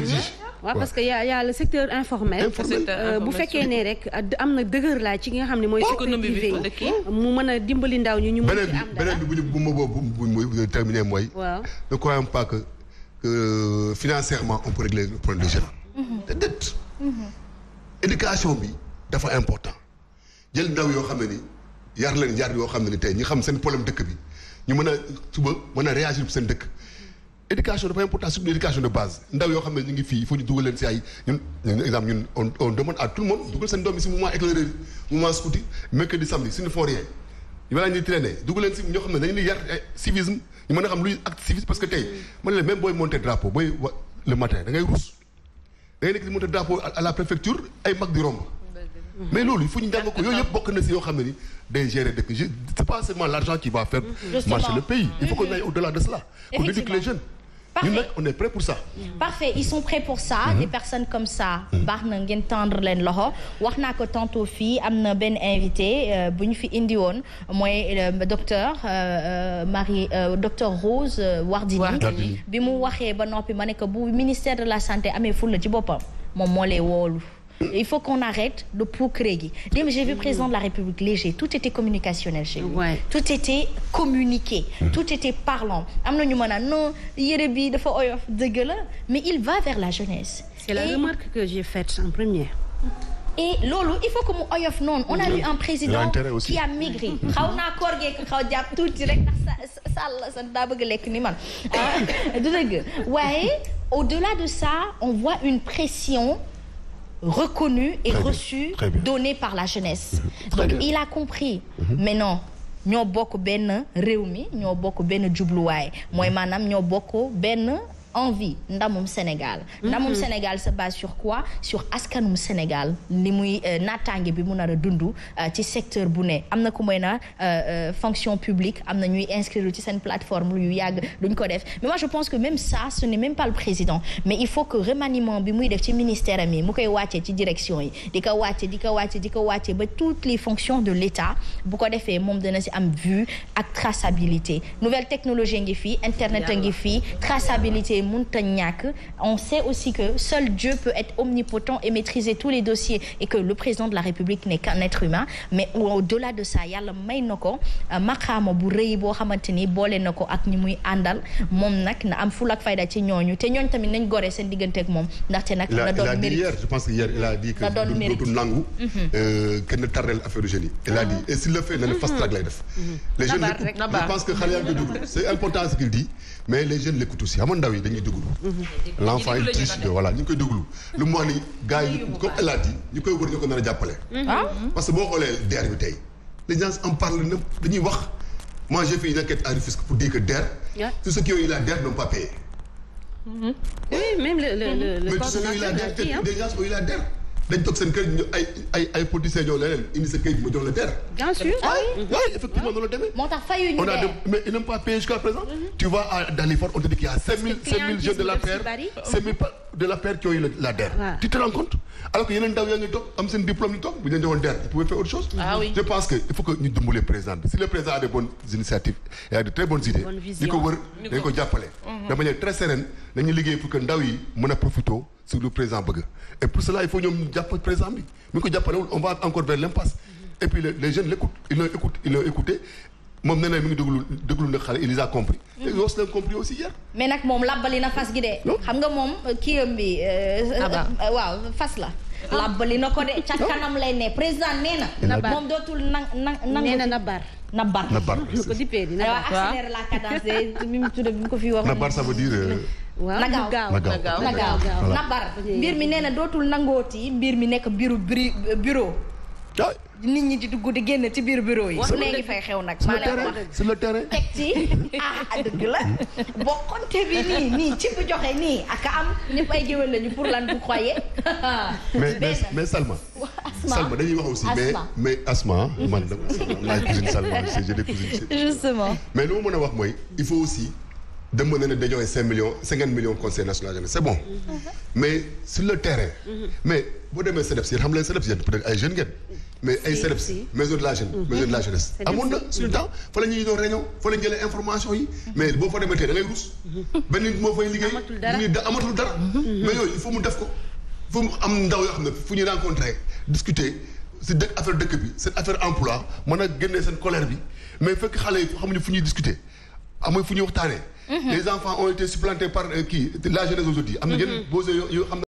Speaker 4: waaw parce que yàlla a le secteur informel. Euh, bu fekkee ne rek euh, am na dëgër laa ci nga xam ne mooy. économie bi mu mën a dimbali ndaw ñi ñu mën ci am
Speaker 1: dara beneen bi bu ma boobu terminer mooy. waaw ne croyons pas que euh, financièrement on peut régler le problème des jeunes. Mm-hmm. te dëtt. Mm-hmm. éducation bi dafa important jël ndaw yoo xam ne ni yar leen yar yoo xam ne ni tey ñi xam seen problème dëkk bi ñu mën a suba mën a réagir seen dëkk. éducation dafa important surtout l'éducation de base ndaw yoo xam ne ñu ngi fii il faut ñu dugal leen si ay ñun exemple ñun on demande à tout le si mouvement éclaireur mouvement scoutique mercredi samedi leen si ñoo xam ne dañu yar civisme ñu mën a xam luy acte civisme parce que tey man la même booy monter drapeau booy le matin da ngay ruus da ngay nekk di monter drapeau à la préfecture ay mag di romb mais loolu il faut ñu ko yooyu yëpp bokk na si yoo xam ne ni day gérer dëkk je c'est pas seulement l'argent qui va faire mm-hmm. marcher le pays il faut qu'on mm-hmm. aille au-delà de cela qu'on éduque les jeunes ñun nag on est prêt mm-hmm.
Speaker 3: parfait ils sont prêts pour ça des personnes comme ça baax na ngeen tendre leen loxo wax naa ko tantôt fii am na benn invité euh, bu ñu fi indi woon mooy euh, docteur euh, Marie docteur Rose Wardini bi mu waxee ba noppi ma ne ko bu ministère de la santé amee fulla ci boppam moom moo lay woolu il faut qu'on arrête de procréer gi j'ai vu président de la République léger tout était communicationnel chez lui ouais. tout était communiqué tout était parlant am na ñu mën a non yére bi dafa oyof dëgg la mais il va vers la jeunesse et... remarque
Speaker 4: loolu
Speaker 3: il faut que mu oyof noonu on a eu mm-hmm. un président qui a maigri xaw naa koor a xaw jàpp tuuti rek ndax sa sall sa daa bëgg lekk ah, au-delà de ça on voit une pression reconnu et reçu donné par la jeunesse donc il a compris mhm. maintenant ñoo bokk benn réew mi ñoo bokk benn jubluwaay mooy mhm. maanaam ñoo bokk benn envie ndamum Sénégal mhm. ndamum Sénégal se base sur quoi sur askanum Sénégal li muy euh, naataange bi mu nar a dund euh, ci secteur bu ne am na ku may na euh, fonction publique am na ñuy inscrire ci seen plateforme yu yàgg duñ ko def mais je pense que même ça ce n'est même pas le président mais il faut que remaniement bi muy def ci ministère am yi mu koy wàccee ci direction yi di ko wàccee di ko wàccee di ko wàccee ba toutes les fonctions de l'État bu ko defee moom dana si am vue ak traçabilité nouvelle technologie ngi fii internet a mënta ñàkk on sait aussi que seul Dieu peut être omnipotent et maîtriser tous les dossiers et que le président de la République n'est qu'un être humain mais au-delà de ça yàlla may na ko euh, bu rëy boo xamante ni boole na ko ak ñi muy àndal moom nag na am ful ak fayda ci ñooñu te ñooñu tamit nañ gore seen diggante ak moom ndaxte nag na doon mérite
Speaker 1: je pense que hier il a dit que dootu nangu kenn mhm. euh, na tardel affaire jeunes yi il a ah. dit et s'il le fait na ne mhm. fast track lay mais les jeunes l'écoutent aussi xam nga ndaw yi dañuy déglu. Mhm. l'enfant il triche de voilà ñu koy déglu. lu mu wax ni gars yi comme El Hadj ñu koy wër ñu ko nar jàppale. Mhm. Ah? Mhm. parce que boo xoolee DER bi tey les gens en parlent na dañuy wax moi j'ai fait une enquête pour dire que DER. sa ceux qui ont eu la DER n'ont pas payé.
Speaker 4: oui même le le le. le mais tous ceux qui ont la DER des
Speaker 1: gens dañ toog seen kër ñu ay ay ay politiciens ñoo leneen indi sa jox la terre.
Speaker 3: bien ah, ah effectivement ah. noonu la demee. moo tax fayu ñu on a dem
Speaker 1: mais présent. Mm-hmm. tu vois à Dalifort on te dit qu'il y a cinq mille cinq de la paire cinq mille de la paire qui ont la DER. tu te rends que yeneen ndaw yaa ngi toog am seen diplôme ñu toog bu ñu leen DER ils pouvaient faire autre chose. je pense que il faut que ñu dimbali président bi si le président a des bonnes initiatives et de très sur le président bëgg et pour cela il faut ñoom jàpp président bi mu ko jàppanewul on va encore vers l'impasse et puis les jeunes l'écoutent ils l'ont écouté moom nee na mi ngi déglu déglu na xale il les a compris
Speaker 3: mm-hmm. xam nga moom euh, kiyam bi euh, euh, ah, la ah. labbali na ko de ca kanam lay ne président nee na moom dootul nang nang nang nee na na bar eh, mu tudd bi mu ko fi wax na bar ça veut
Speaker 1: dire
Speaker 4: na gaaw na gaaw
Speaker 3: na mbir mi nee na dootul nangooti mbir mi nekk biiru bureau nit ñi di dugg di génn ci biir bureau yi. su léegi fay xew nag. maa leen wax sur terrain teg ci ah, ah dëgg la bokkonte bi nii nii ci bu joxe nii ak am ñëpp ay géwél lañu pour lan bu xoyee. mais mais Salma. Salma
Speaker 1: dañuy wax aussi mais mais Asma. lu ma mën a wax mooy il faut aussi. dem ne ne dañoo ay cinq millions cinquante millions conseil national jeunesse c' bon. Mm-hmm. mais sur le terrain. Mm-hmm. mais boo demee CEDEPS yéen xam la jeune. Mm-hmm. na suñu temps fa la ñuy doon réunion fa la ñu jëlee information yi. mais boo fa demee tey da ngay rus. benn nit moo fay liggéey amatul dara nit amatul dara. mais yooyu il def ko. il faut am ndaw yoo xam ne fu ñuy rencontrer discuter si affaire dëkk bi seen emploi a génnee seen colère bi mais fekk xale yi xamuñu fu ñuy discuter amuñu fu ñuy waxtaanee Mm-hmm. les enfants ont été supplantés par kii euh, la jeunesse aujourd'hui am na yeneen mm-hmm. bose yoo xam